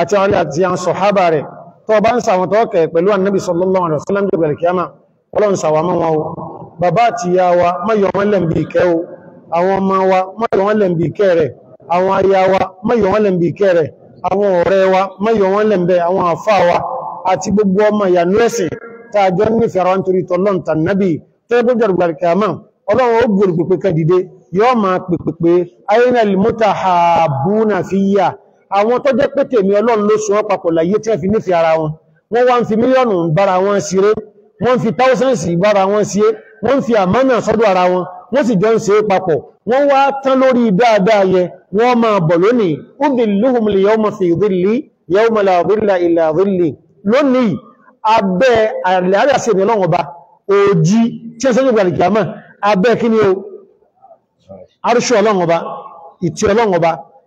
àti àwọn àti àwọn sọ̀hábà rẹ̀ tó bá ń sàwọn tó kẹ̀ pẹ̀lú annabi sallallahu alaihi wasallam jẹ́ bẹ̀rẹ̀ kíyàmá ọlọ́run sàwà mọ́ wọn o bàbá àti ìyá wa mọ́yọ̀ wọn lẹ̀ bí ìkẹ́ o àwọn ọmọ wa mọ́yọ̀ wọn lẹ̀ bí ìkẹ́ rẹ̀ àwọn aya wa mọ́yọ̀ wọn lẹ̀ bí àwọn tó jẹ́ pé tèmi ọlọ́run ló sún papọ̀ láyé tí wọ́n fi nífẹ̀ẹ́ ara wọn wọ́n wá ń fi mílíọ̀nù bára wọn ṣeré wọ́n fi táúsẹ̀nsì bára wọn ṣeré wọ́n fi àmánà sọ́dọ̀ ara wọn wọ́n sì jọ ń ṣe papọ̀ wọ́n wá tán lórí dáadáa yẹ wọ́n máa bọ̀ lónìí udhilluhum liyawma fi dhilli yawma la dhilla illa dhilli lónìí abẹ́ àríàṣẹ́ ìrìn ọlọ́run ọba òjí tí ó sẹ́yìn ìgbà ìgbàmọ́ abẹ́ kí ni ó arúṣù ọlọ́run ọba ìtì ọlọ́run ọba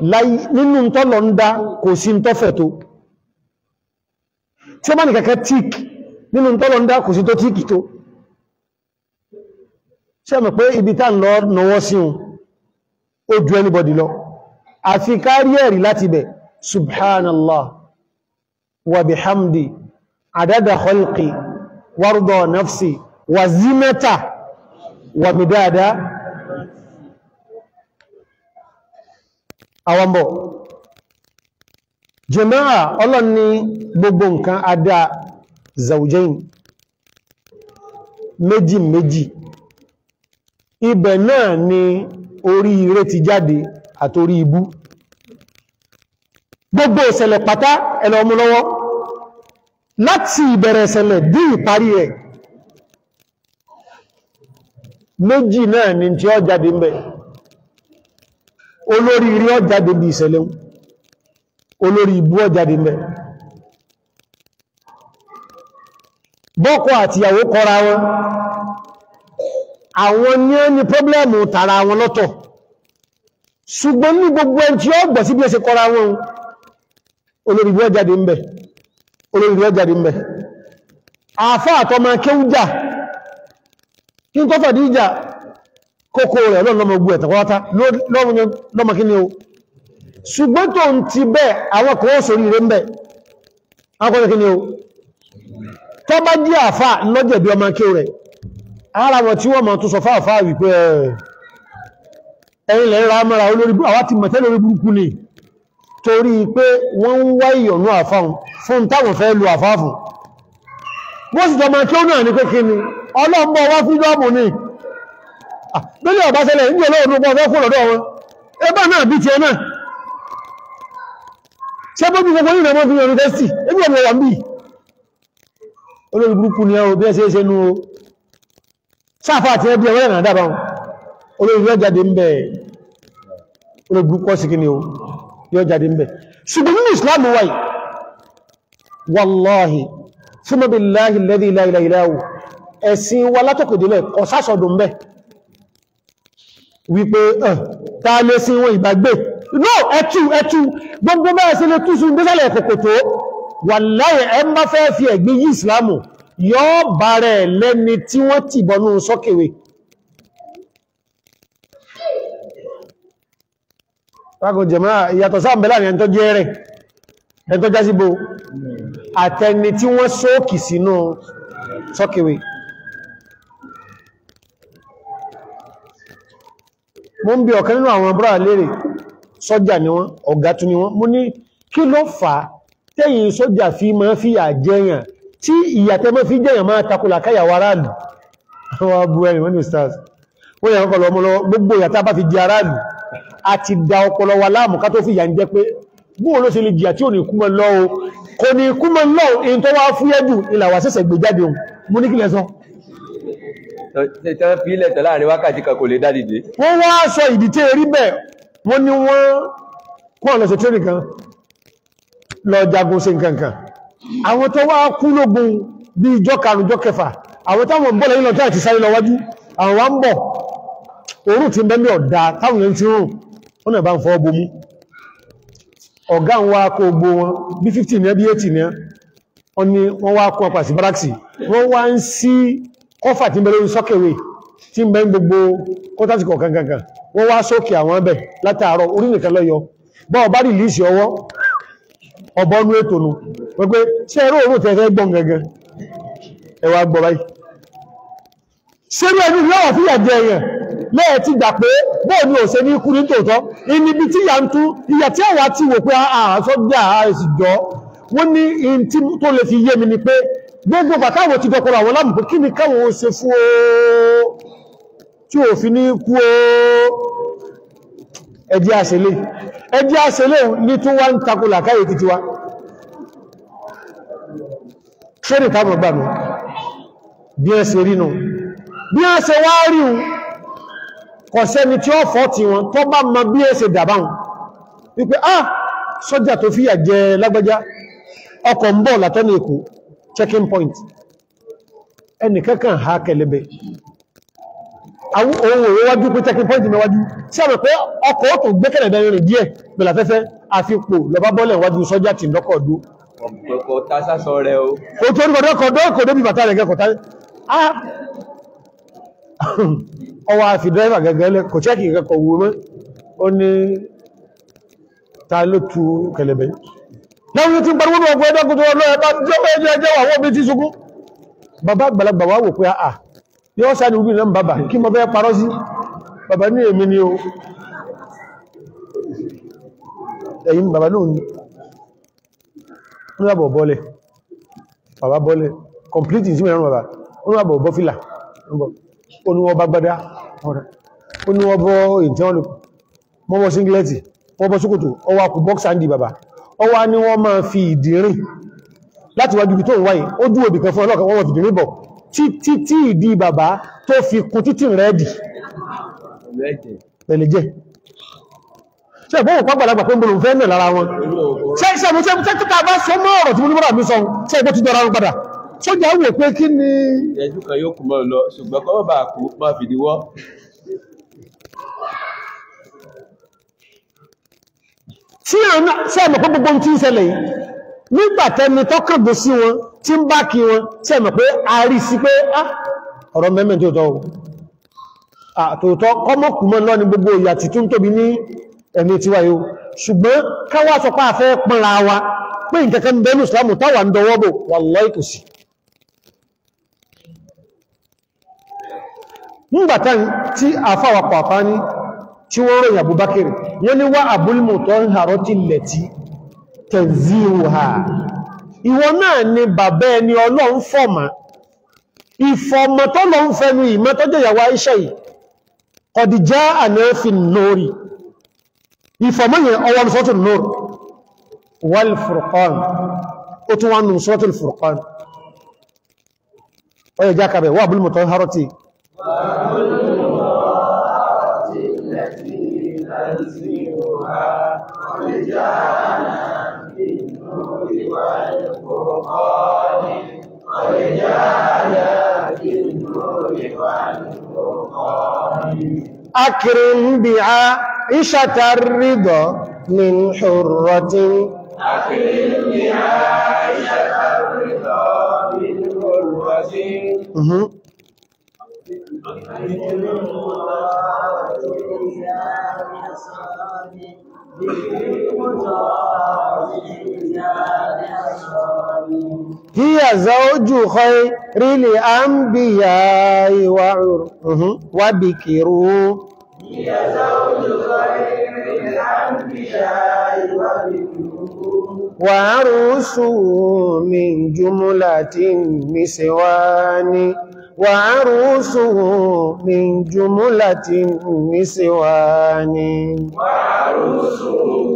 nínú tọ́lọ ń dá kò sí tọ́fẹ̀ tó tí ó bá ní kẹ́kẹ́ tík nínú tọ́lọ ń dá kò sí tó tíkì tó ṣe mọ̀ pé ibi tá lọ nọwọ́ sí un ó ju anybody lọ àfi kárí láti bẹ̀ subhanallah wa bihamdi adada khalqi warda nafsi wa zimata wa midada àwọ̀mbọ̀ jẹmọ́ra ọlọ́n ní gbogbo nǹkan adá zaujain méjì méjì ibẹ̀ náà ni orí ire ti jáde àtorí ibú gbogbo ìṣẹ̀lẹ̀ pátá ẹ̀nà ọmọ láti ìbẹ̀rẹ̀ ìṣẹ̀lẹ̀ dí ìparí rẹ̀ méjì náà ni tí ó jáde ń olórí rí ọjáde bí ìṣẹ̀lẹ̀ olórí ibú ọjáde mẹ́ bọ́kọ àti ìyàwó kọra wọn àwọn ní ó ní pọ́blẹ́mù tààrà wọn lọ́tọ̀ ṣùgbọ́n ní gbogbo ẹn tí ó gbọ̀ sí bí ẹsẹ kí n tọ́fà díjà kókó rẹ̀ lọ́nà ogun ẹ̀tàkọ́wátá lọ́mọ kí ni o ṣùgbọ́n tó ń ti bẹ́ àwọn kọwọ́ sórí rẹ̀ ń bẹ̀ akọ́lẹ̀ kí ni o tọ́ bá dí àfà lọ́jẹ̀bí ọmọ kí o rẹ̀ ara wọn tí wọ́n ma tó sọ fáàfá wípé ẹ̀yìn lẹ́ ra mara olórí àwá ti mọ̀tẹ́ lórí burúkú ni torí pé wọ́n ń wá ìyọ̀nú àfáhùn fún táwọn fẹ́ lu àfáfùn wọ́n sì tọ́ ma kí ó ni lórí ọ̀bá sẹlẹ̀ ní olóòrùn pọ̀ fẹ́ kú lọ́dọ̀ wọn ẹgbà náà bí ti ẹ̀nà ṣe bóbi gbogbo ní ìrìnàmọ́ fún yunifásitì ẹgbì ọmọ wà mí ni ẹ̀rọ bí ẹ wípé ta lé sí wọn ìbágbé no ẹtù ẹtù gbogbo bẹ́ẹ̀ sí lè túsù gbésàlẹ̀ kòkòtò wàláhì ẹ má fẹ́ fi ẹ̀gbin yí ìsìlámù yọ́ bàrẹ̀ lẹ́ni tí wọ́n ti bọnú sọ́kèwé rákò jẹ̀mọ́ ìyàtọ̀ sáàmbẹ̀lá ni ẹntọ́ jẹ́ rẹ̀ ẹntọ́ jásíbo àtẹni tí wọ́n sóòkì sínú sọ́kèwé so mo ń bi ọ̀kan nínú àwọn brọ́à lérè sọ́jà ni wọ́n ọ̀gá tún ni wọ́n mo ní kí ló fà á tẹ́yìn sọ́jà fi máa fi yà jẹyàn tí ìyàtẹ́ máa fi jẹyàn máa takùlà káyàwó aráàlú wọ́n bú ẹni wọ́n stars wa láàmú ká tó fi yà ń jẹ́ pé bóò ló ṣe lè jìyà tí ò ní kúmọ lọ́wọ́ kò ní kúmọ lọ́wọ́ èyí tó wá fúyẹ́dù ìlàwà sẹ́sẹ̀ tí wọ́n fi ilẹ̀ tán láàrin wákàtí kan kò lè dá dìde. wọ́n wá sọ ìdí tí erí bẹ́ẹ̀ wọ́n ní wọ́n kó àwọn lọ́sẹ̀ tẹ́rì kan lọ jagun sí nǹkan kan àwọn tó wá kú lógun bí ìjọ karùn-ún jọ kẹfà àwọn táwọn ń bọ̀ lẹ́yìn lọ́jọ́ àti sáré lọ wájú àwọn wá ń bọ̀ òórùn ti bẹ́ẹ̀ ọ̀dà táwọn yẹn ti rùn wọ́n bá ń fọwọ́ bomú ọ̀gá ń wá kó gbó wọn bí 15 ní ẹbí 18 ní wọ́n wá kó apàsì baraksi wọ́n wá ń sí ọfà tí ń bẹ lórí sọ́kẹ̀wé tí ń bẹ ń gbogbo kọ́tàsìkọ̀ kankankan wọ́n wá sókè àwọn ẹbẹ̀ látàárọ̀ orí nìkan lọ́yọ bọ́ ọba rìlíìsì ọwọ́ ọbọ̀nú ètò nù wípé ṣe ẹ̀rọ òórùn tẹ́ẹ̀fẹ́ gbọ́n gangan ẹ wá gbọ́ báyìí ṣe ní ẹni lọ́wọ́ fíyà jẹ èèyàn lẹ́ẹ̀ ti gbà pé bóò ni òṣè ní ikú ní tòótọ́ ìníbi tí ìyà ń tú ìyà tí ẹ̀wà ti wò pé àà sọ́jà àà èsì jọ wọ́n ní in tí tó gbogbo pàtàwò ti dọ̀pọ̀lọ̀ àwọn lámùkú kí ni káwọn ó ṣe fún oó tí ò fi ní kú oó ẹjí àṣẹlé ẹjí àṣẹlé ní tún wá ń takò làkáyè títí wá ṣẹ́rì tábọ̀ gbà mí bí ẹ ṣe rínú bí ẹ ṣe wá rí ah, ọkọ̀ ń bọ̀ látọ́nà èkó checking point ẹnìkankan ha kẹlẹ̀bẹ̀ ohun òwe wájú pé checking point mẹ́wájú sí àmì pé ọkọ̀ ọ̀tún gbẹ́kẹ̀lẹ̀dẹ̀ rìn díẹ̀ bẹ̀lẹ̀fẹ́fẹ́ àfipò lọba bọ́lẹ̀ wájú sọ́jà tí lọ́kọ̀ọ́dún ta ló tu kẹlẹ̀bẹ̀ yìí lẹ́yìn tí pẹ̀lú ọmọ ọgbọ́n ẹjọ́kùn tó ọlọ́ẹ̀ta jẹ́wọ́ ẹjọ́ ẹjọ́ àwọn omi ti sunkún bàbá àgbàlagbà wà wò pé àà yóò sáàdì ogun ìrìn bàbá kí mọ́ bẹ́ parọ́ sí bàbá ní èmi ni o ẹ̀yìn bàbá náà ní ọ̀nàbọ̀ bọ́lẹ̀ bàbá bọ́lẹ̀ complete ìsinmi ẹ̀rùn bàbá ọ̀nàbọ̀ bọ́ fìlà oníwọ́ bá gbádá oníwọ́ bọ́ ìtẹ́ọ̀lù mọ́bọ̀ singleti mọ́bọ̀ sókòtò ọwọ́ akù bọ́ksandi bàbá ó wá ní wọ́n máa fi ìdìrín láti wájú tó ń wáyé ó dúró bìkan fún ọlọ́kan wọ́n fi ìdìrín bọ̀ títí tí ìdí bàbá tó fi kún títí rẹ́ẹ̀dì pẹ̀lẹ̀jẹ́ ṣe ìbọn òpá gbàlagbà pé mbòrò fẹ́ náà lára wọn ṣe jẹ́ wò pé kí ni ẹjú kan yóò kù lọ ṣùgbọ́n kọ́ tí àná sí ẹ̀mọ̀ pé gbogbo tí ń ṣẹlẹ̀ yìí nígbàtẹ́ni tọ́kàngbò sí wọn tí ń bá kí wọn sí ẹ̀mọ̀ pé a rí sí pé á ah, ọ̀rọ̀ mẹ́mẹ́ tó tọ́ àtòótọ́ kọmọkùnmọ́ lọ ní gbogbo ìyà tí tún tóbi ní ẹ̀mí tiwa yóò ṣùgbọ́n káwà sọ pé àfẹ́ pínra wa pé ìkẹ́kẹ́ ń bẹ́nu Islam táwà ń dọwọ́ bò wallahi kò sí nígbàtẹ́ tí àfáwà pàfá tí wọ́n ròyìn àbúbákẹ̀rẹ̀ yẹn ni wá àbúlmù tó ń hàrọ́ tí lẹ̀ tí tẹ̀zíwà ìwọ náà ni bàbá ẹni ọlọ́run fọ́mà ìfọ̀mọ̀ tó lọ ń fẹ́nu ìmọ́ tó jẹ́ ìyàwó iṣẹ́ yìí ọdíjá ànáfin lórí ìfọ̀mọ̀ yẹn ọwọ́ sọ́tún nur wal furqan ó jákàbẹ̀ wà búlmù tó ń hàrọ́ tí wà búlmù رجالا بالنور والفرقان أكرم بعائشة الرضا من حرة أكرم بعائشة الرضا من حرة Thank hiya zawju khayril anbiya wa wa bikiru hiya zawju khayril anbiya wa bikiru wa arusu min jumlatin miswani wa arusu min jumlatin miswani wa arusu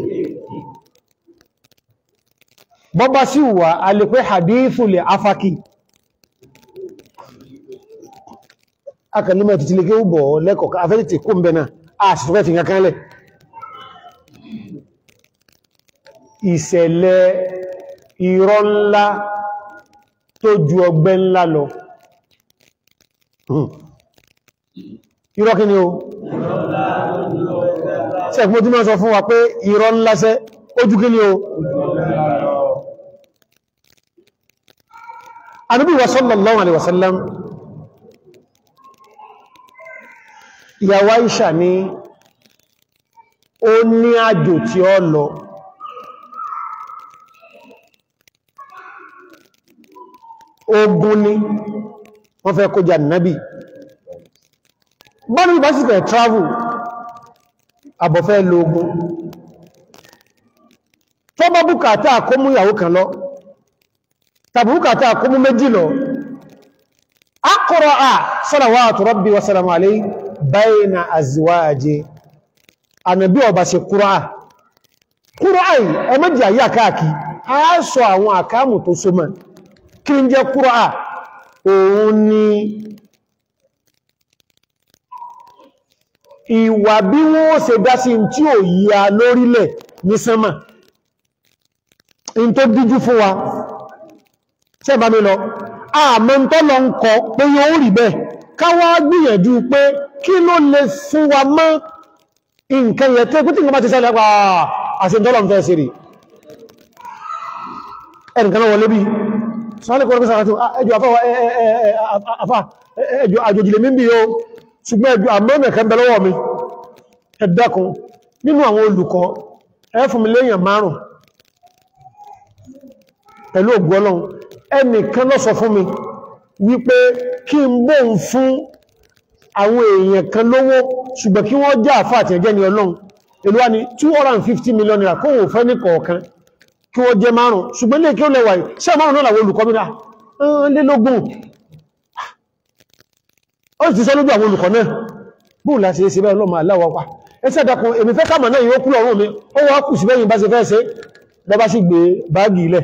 bọ́bá sí wà a lè pé hadithu lè afaki akànnúmọ̀ títí lè kéwùbọ̀ lẹ́kọ̀ọ́ afẹ́lẹ̀ kó ń a sì fẹ́ fi kankan lẹ̀ ìṣẹ̀lẹ̀ irọ́ ńlá tó ju ọgbẹ́ ńlá lọ irọ́ kí ni o sẹ́kùn tí sọ fún wa pé ńlá sẹ́ ojú Ànábì wa sallallahu alaihi wasallam ìyàwó Aisha ni ó ní àjò tí ó lọ ogun ni wọ́n fẹ́ kó jà nábi bọ́nà ìbá sì fẹ́ travel àbọ̀fẹ́ lo ogun tó bá bùkátà kó mú ìyàwó kan lọ tàbùkàtà kúmú méjì lọ akọrọ a salawatu rabbi wa salamu alayhi bayna azwaji ànàbí ọba ṣe kúrọ́à kúrọ́à yìí ọmọdé àyà káàkì a sọ àwọn àkáàmù tó so mọ́ kí ń jẹ́ kúrọ́à òun ni ìwà bí wọ́n ṣe dá sí tí ò yí lórílẹ̀ ní sánmà in tó díjú fún wa ṣe bá mi lọ àmọ́ntọ́lọ ń kọ pé yóò rí bẹ́ẹ̀ káwà gbìyànjú pé kí ló lè fún wa mọ́ nǹkan yẹ tó kú tí nǹkan bá ti ṣẹlẹ̀ pa àṣíntọ́lọ ń fẹ́ sí rí ẹnìkan wọlé bí sọ́lẹ̀kọ́ pẹ̀lú ògbọ́lọ́run ẹnìkan lọ sọ fún mi wípé kí n bó ń fún àwọn èèyàn kan lówó ṣùgbọ́n kí wọ́n já àfà àti ẹjẹ́ ni ọlọ́run èlò wá ní 250 million naira kó wò fẹ́ ní kọ̀ọ̀kan kí wọ́n jẹ márùn ṣùgbọ́n lè kí ó lẹ́wà yìí ṣe márùn náà làwọn olùkọ́ mìíràn lélógún ó sì sọ lójú àwọn olùkọ́ náà bóò láti ṣe bẹ́ẹ̀ lọ́mọ aláwọ̀ pa ẹsẹ̀ dákun èmi fẹ́ kàmà náà yóò kú ọ̀run mi ó wá kù sí bẹ́yìn bá ṣe fẹ́ ṣe bọ́ bá sì gbé báàgì ilẹ̀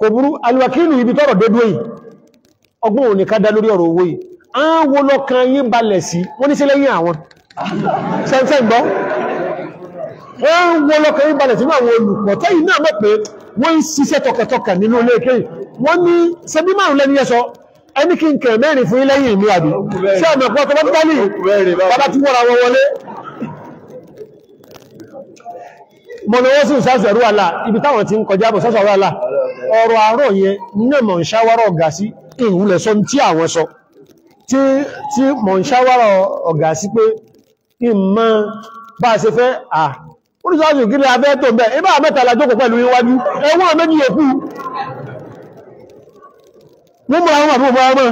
kò burú alìwàkílù ibi tọ́rọ̀ dédú èyí ọgbọ́n òní ká dá lórí ọ̀rọ̀ owó yìí a ń wo lọ́kàn yí balẹ̀ sí wọ́n ní sí lẹ́yìn àwọn ṣẹ́ǹṣẹ́ gbọ́ wọ́n ń wo lọ́kàn yí balẹ̀ sí àwọn olùpọ̀ tẹ́yìn náà mọ̀ pé wọ́n ń ṣiṣẹ́ tọkàtọkà nínú ilé wọ́n ní ṣe bí márùn lẹ́ni yẹsọ ẹni kí n kẹ̀ mẹ́rin fún ilẹ́yìn ìlú àbí ṣé ọmọ ẹ̀kọ́ tó bá tí wọ́n ra wọn wọlé mọ̀lọ́wọ́sùn sáàsẹ̀rú àlà ibi táwọn ti ń kọjá bọ̀ sáàsẹ̀rú àlà ọ̀rọ̀ àárọ̀ yẹn náà mọ̀ ń ṣáwárọ̀ ọ̀gá sí ìwúlẹ̀ sọ tí àwọn sọ tí mọ̀ ń ṣáwárọ̀ ọ̀gá sí pé ìmọ̀ bá a ṣe fẹ́ à oríṣiríṣi ògiri abẹ́ tó bẹ́ ibá mẹ́ta lájókò pẹ̀lú iwájú ẹwọ́n méjì yẹ kú mímú àwọn àbúrò bọ́ ọmọ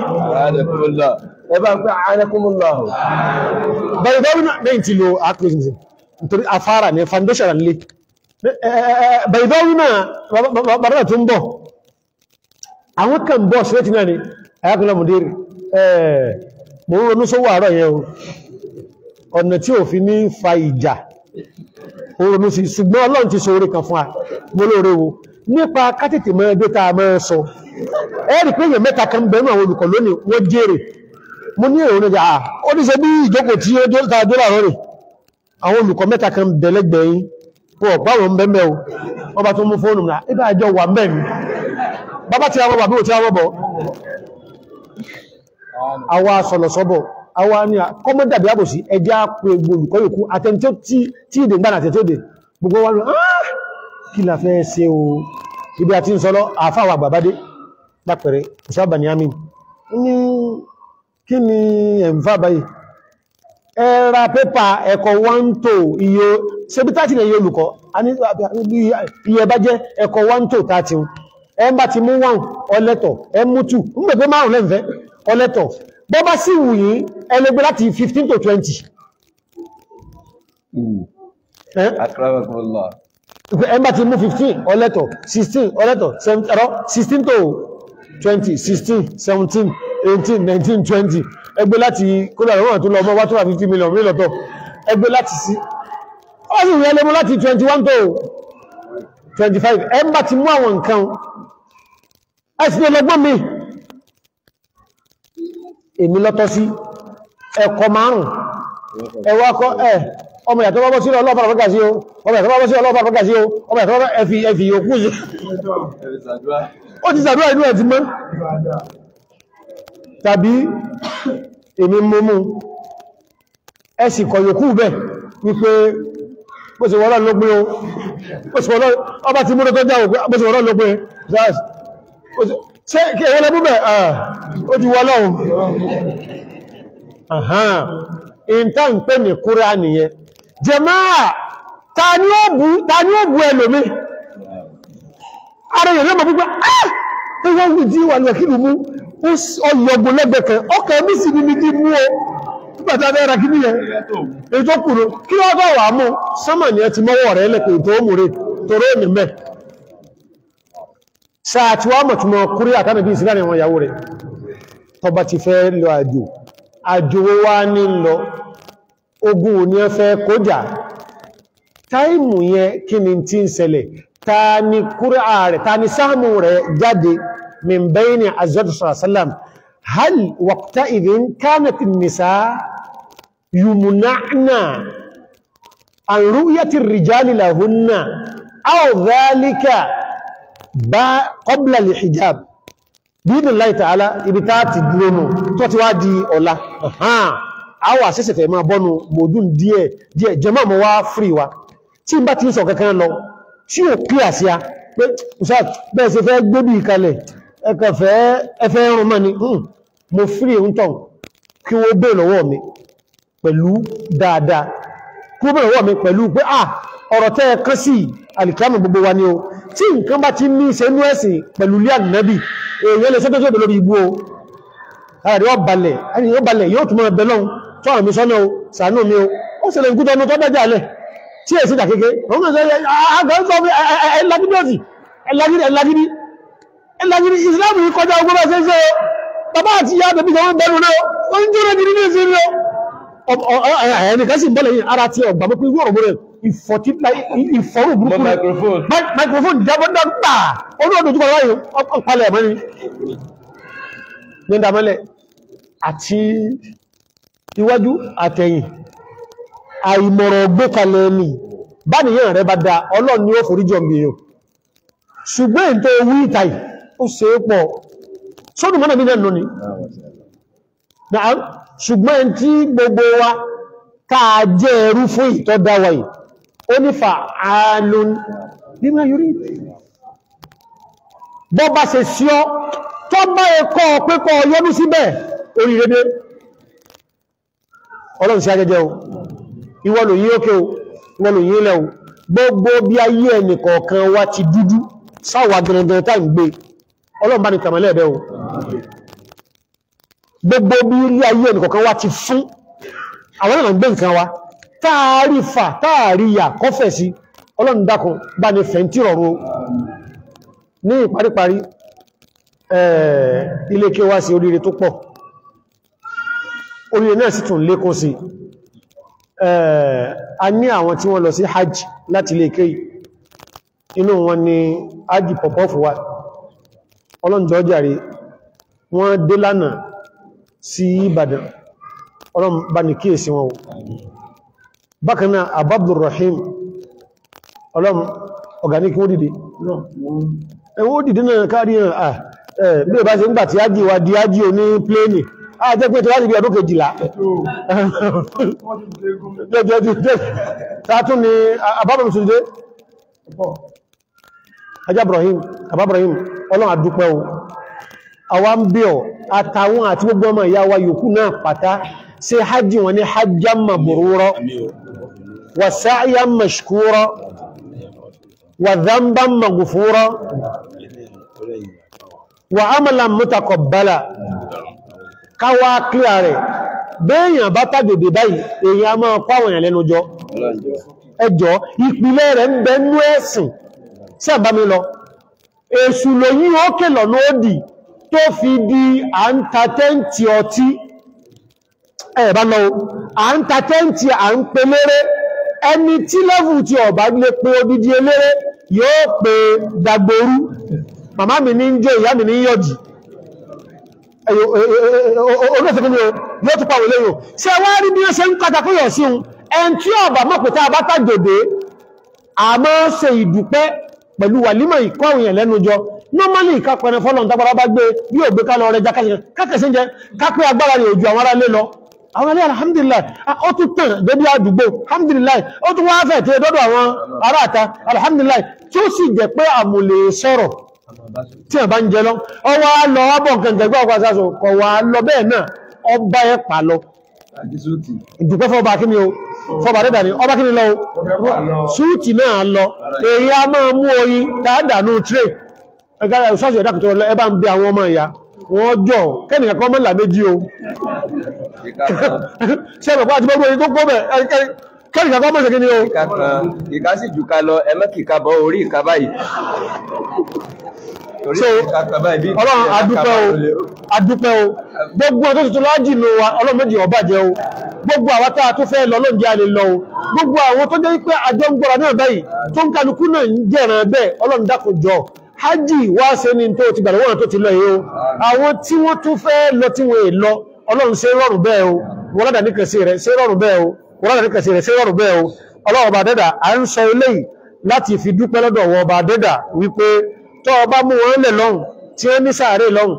ẹbá ń pẹ́ àánẹ́kúnmùláhùn bẹ̀rẹ̀ bẹ́ẹ̀ bàìbáwí náà bàbá tó ń bọ̀ àwọn kan bọ̀ sílẹ̀ tí náà ni ayákùnlá mùdírí mo ń ronú sówó àárọ̀ yẹn o ọ̀nà tí ò fi ní fa ìjà o ronú sí ṣùgbọ́n ọlọ́run ti sọ orí kan fún a gbólóore wo nípa kátètè mọ́ ẹgbẹ́ ta mọ́ sọ ẹ́rì pé èèyàn mẹ́ta kan bẹ̀rù àwọn olùkọ́ lónìí wọ́n jèrè mo ní èrò níjà ah, ó ní ṣe bí ìjókòó tí ó dá dọ́là rẹ̀ àwọn olùkọ́ mẹ́ta kan bẹ̀lẹ́gbẹ̀ẹ́ yìí pọ̀ báwọn ń bẹ́m̀bẹ̀ o wọ́n bá tún mú fóònù náà ibá àjọ wà mẹ́ mi bàbá tí a wọ́bọ̀ bí o tí a wọ́bọ̀ àwa sọ̀lọ̀sọ́bọ̀ àwa ní a kọ́mọ́dà bí ábòsí ẹjá pé gbogbo yòókù ah! ibi àti ìsọ́lọ́ àfáwà gbàbádé lápẹ̀rẹ̀ ìṣàbà ní àmì ní kí ni ẹ̀mfà báyìí ẹ̀ra pépà ẹ̀kọ́ wọ́n tó iye ṣebí tàti lè yẹ olùkọ́ iye bá jẹ́ ẹ̀kọ́ 1 tó tàti ẹn bá ti mú 1 ọlẹ́tọ̀ ẹn mú 2 mẹ́gbẹ́ márùn lẹ́nfẹ́ ọlẹ́tọ̀ bọ́ bá sì wù yí ẹlẹ́gbẹ́ láti 15 tó 20 ẹn bá ti mú 15 ọlẹ́tọ̀ 16 ọlẹ́tọ̀ 16 tó 20 16 17 18 19 20 ẹgbẹ́ láti kó lọ́wọ́ tó lọ mọ́ wá tó wà 50 million mílọ̀tọ̀ ẹgbẹ́ láti sí ó sì rẹ̀ lẹ́mú láti 21 tó 25 ẹ ń bá ti mú àwọn nǹkan ẹ̀sìn ẹlẹ́gbọ́n mi èmi lọ́tọ́ sí ẹ̀kọ́ márùn ẹwà kọ́ ẹ̀ ọmọ ìyàtọ́ bọ́bọ́ sí ọlọ́pàá fọ́gà sí o ọmọ ìyàtọ́ bọ́bọ́ sí ọlọ́pàá fọ́gà sí o ọmọ ìyàtọ́ bọ́bọ́ ẹfì ẹfì yòókù sí ó ti sàdúrà inú ẹ̀ ti mọ́ tàbí èmi mọ́mú ẹ̀sìn kọ̀ yòókù bẹ́ẹ̀ wípé bóṣe wọ́n lọ́n ló pé o ọba ti múrò tó jáwò bóṣe wọ́n lọ́n ló pé ṣe kí èyí lẹ́bú bẹ̀ ah, ó ti wọ́n lọ́hun ìntà ń pè ní kúrá nìyẹn jẹmáà ta ni ó bu ẹlòmí ara yẹ̀ lọ́mọ̀ púpọ̀ ah ẹwọ́n wù jí wà lọ́kìlú mú ó yọgbọ̀n lẹ́gbẹ̀ẹ́ kan ọkọ̀ mí sì ní mi dí mú o nígbàtí abẹ́ra kí níyẹn ètò kúrò kí wọ́n bá wà mú sánmà ní ẹ ti mọ́wọ́ rẹ̀ lẹ́kùn tó múre toró mi mẹ́ sàtí wọ́n mọ̀ túnmọ̀ kúrí àtànàbí ìsìlá ni wọ́n yàwó rẹ̀ tọba ti fẹ́ lọ àjò àjò wá ní lọ tí ń kúrí ààrẹ ta hal waqta idin kanat nisa yùmùnáà àrúyàtì rìjálì làhúnnà áwọ̀dálíkà bá kọbla lè hijab bídùn láì tààlá ibi táàtì dúrónù tó ti wá di ọ̀la àwọ̀ àṣẹ́sẹ̀fẹ̀ máa bọ́nu mòdún díẹ̀ díẹ̀ jẹmọ́ mọ́ wá frí wa tí n bá ti ń sọ kankan lọ tí ò kí àṣíá pé bẹ́ẹ̀ ṣe fẹ́ gbébì ìkalẹ̀ ẹkẹfẹ́ ẹfẹ́ ẹrùn mọ́ ni hmm. mo frí ń tàn kí wọ́n bẹ́ẹ̀ lọ́wọ́ mi pẹ̀lú dáadáa kúrò wọ́ mi pẹ̀lú pé à ọ̀rọ̀ tẹ́ kán sí alìkíyàmù gbogbo wa ni o tí nǹkan bá ti ní ṣe ní ẹ̀sìn pẹ̀lú lé ànábì èèyàn lè sẹ́tọ́ sí lórí igbó o ààrẹ wọ́n balẹ̀ yóò balẹ̀ yóò túnmọ̀ ẹbẹ̀ lọ́hun tó àwọn mi sọ́nà o sàánú mi o ó sì lè ń kútọ́ tó dájà alẹ̀ tí èsì dà ẹnìkan sì bọ́lẹ̀ yìí ara ti ọgbà mọ́ pé irú ọ̀rọ̀ rẹ̀ ìfọ̀rọ̀ burúkú rẹ̀ microphone jábọ́dọ̀ gbà olóòdò tó kọ̀ọ̀rọ̀ yìí ọ̀pọ̀lẹ̀ mọ́ ni ní ìdámẹ́lẹ̀ àti iwájú àtẹ̀yìn àìmọ̀rọ̀ gbé kalẹ̀ ni báníyàn rẹ̀ bá da ọlọ́ni ó forí jọ mi yóò ṣùgbọ́n èyí tó wí ìtàyì ó ṣe é pọ̀ sódùmọ́nà mi náà lónìí ṣùgbọ́n tí gbogbo wa káà jẹ́ ẹrú fún ìtọ́dáwà yìí ó nífà ààlùn níma yorí bọ́ bá ṣe sí ọ́ tó bá ẹkọ́ pẹ́kọ́ yọ́nú síbẹ̀ oríire ọlọ́run sí ajẹ́jẹ́ o ìwọ̀lù yí ókè o ìwọ̀lù yí ilẹ̀ o gbogbo bí ayé ẹni kọ̀ọ̀kan wa ti dúdú sáwà gẹ̀rẹ̀gẹ̀rẹ̀ tá ń gbé ọlọ́run bá ní kàmẹ́lẹ̀ ẹ̀bẹ̀ o gbogbo bí ilé ayé ẹnìkọ̀kan wá ti fún àwọn náà gbé nǹkan wa táàrí fà táàrí yà kọ́fẹ̀ sí ọlọ́run dákun bá ní fẹ̀ntì rọrùn ní ìparíparí eh, ilé kí wá sí oríire tó pọ̀ oríire náà sì tún lékún sí eh, a ní àwọn tí wọ́n lọ sí hajj láti ilé kí inú wọn ni hajj pọ̀pọ̀ fún wa ọlọ́njọ́ jàre wọ́n dé lánàá sí Ìbàdàn ọlọ́run bá ní kíyèsí wọn bákan náà àbábdùn rahim ọlọ́run ọ̀gáníkì wọ́n dìde ẹ̀wọ́n dìde náà káàrí ẹ̀ bí o bá ṣe ń gbà tí ájì wa di ájì o ní pléènì ààjẹ́ pé tó wá níbi ọdún kejìlá tààtún ni àbábọ̀ àwọn bíọ̀ àtàwọn àti gbogbo ọmọ ìyá wa yòókù náà pàtá sí hajji wọn ní hajjan mabrura wa sa'yan mashkura wa dhanban maghfura wa amalan mutaqabbala káwà kílà rẹ̀ bẹ́yàn bá tàbí báyìí èyàn a máa kọ́ àwọn ẹjọ́ ìpìlẹ̀ rẹ̀ ń bẹ ẹ̀sìn sí àbámi lọ èṣù lòyí ó kèlọ̀ lóòdì tó fi di à ń ta tẹ́ǹtì ọtí ẹ̀bá lọ à ń ta tẹ́ǹtì à ń pe léré ẹni tí lẹ́fù tí ọ̀bá lè pe odidi eléré yóò pe dagboru màmá mi ní jẹ́ ìyá mi ní yọ̀jì olóòsèkúnlẹ̀ yóò tó pàwọ̀ lẹ́yìn ṣe wá rí bí ó ṣe ń kọta fún yọ̀ sí un ẹn tí ọ̀bá mọ̀ pẹ̀tà bá tàjòdè àmọ́ ṣe ìdúpẹ́ pẹ̀lú wàlímọ̀ ìkọ́ àwọn èèyàn lẹ́nu jọ normally ká pẹ̀rẹ̀ fọ́lọ̀ tàbára bá gbé bí ò gbé kálọ̀ rẹ̀ jákàṣẹ́ kákẹsẹ́ jẹ kápẹ́ agbára rẹ̀ ojú àwọn ará lé lọ àwọn alẹ́ alhamdulillah ó tún tàn débi àdúgbò alhamdulillah ó tún wá fẹ́ tí dọ́dọ̀ àwọn aráta alhamdulillah tí ó sì jẹ́ pé àmùlè sọ̀rọ̀ tí a bá ń jẹ lọ ọwọ́ lọ ọbọ̀ gẹ̀gẹ̀gbẹ̀ ọkọ̀ àṣàṣọ kọ̀ wà lọ bẹ́ẹ̀ náà ọba ẹ̀ pà lọ ìdùpẹ́ fọba kí ni o fọba dẹ́dà ni ọba kí ni lọ o súùtì náà lọ èyí a máa mú oyin dáadáa ní tré ẹgbẹ́ ìṣọ́sì ẹ̀dá kìtọ́ lọ ẹbá ń bí àwọn ọmọ ìyá wọ́n jọ kẹ́nìyàn kan mọ́là méjì o ṣe bàbá àti gbogbo oyin tó kọ́ bẹ̀ kẹ́nìyàn kan mọ́sẹ̀ kí ni o. ìka sì jù ká lọ ẹmẹ́kìka bọ́ orí ìka báyìí so ọlọ́run adúpẹ́ o adúpẹ́ o gbogbo ọdún tuntun láàjì ló wa ọlọ́run méjì ọba jẹ́ o gbogbo àwọn tá a tó fẹ́ lọ lóúnjẹ a lè lọ o gbogbo àwọn tó jẹ́ pé àjọ ń gbọ́ra náà báyìí tó ń kálukú náà ń jẹ̀ràn bẹ́ẹ̀ ọlọ́run dákun jọ hajj wá ṣe ni tó ti gbàdọ̀ wọ́n tó ti lọ yìí o àwọn tí wọ́n tún fẹ́ lọ tí wọ́n lọ ọlọ́run ṣe rọrùn bẹ́ẹ̀ o wọ́n ládàá ní kẹsì rẹ̀ ṣe rọrùn bẹ́ẹ̀ o wọ́n ládàá ní kẹsì rẹ̀ ṣe rọrùn bẹ́ẹ̀ o ọlọ́run ọba dẹ́dà à ń sọ eléyìí láti fi dúpẹ́ lọ́dọ̀ wọ ọba dẹ́dà wípé tó ọba mú wọn lẹ̀ lọ́hùn tí ó ní sàárè lọ́hùn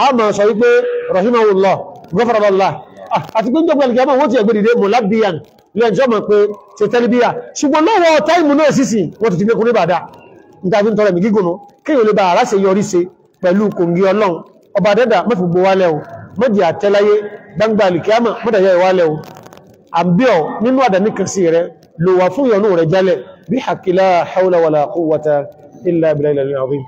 a máa sọ wípé rahimahullah gọ́fàrọ̀lọ́lá ah, àti pé jọ́pẹ̀ ìgbà wọ́n ti ẹgbẹ̀rẹ̀ mọ̀ lábíyàn lẹ́jọ́ mọ̀ pé ṣe tẹ́lẹ̀bíyà ṣùgbọ́n lọ́wọ́ táìmù náà sísì wọ́n ti ti lékún ní bàdá ìdájú ń tọrẹ mi gígùn kéèyàn lè bá ara ṣe yọrí ṣe pẹ̀lú kòǹgí ọlọ́run ọba dẹ́dà mọ́fì gbowá lẹ́wọ̀ mọ́jì àtẹ́láyé gbangba alìkíámà mọ́tàyà ìwá lẹ́wọ̀ hakila haula wala quwwata إلا بالليل العظيم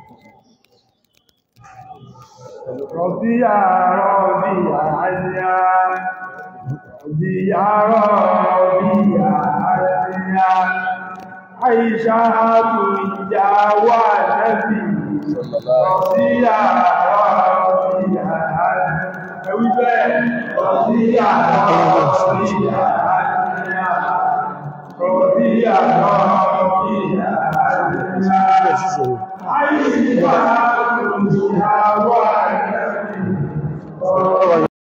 ربيع ربيع عليا ربيع ربيع عليا عيشة يا والنبي ربيع ربيع عليا ربيع ربيع عليا ربيع ربيع I am Jesus. Jesus. Jesus.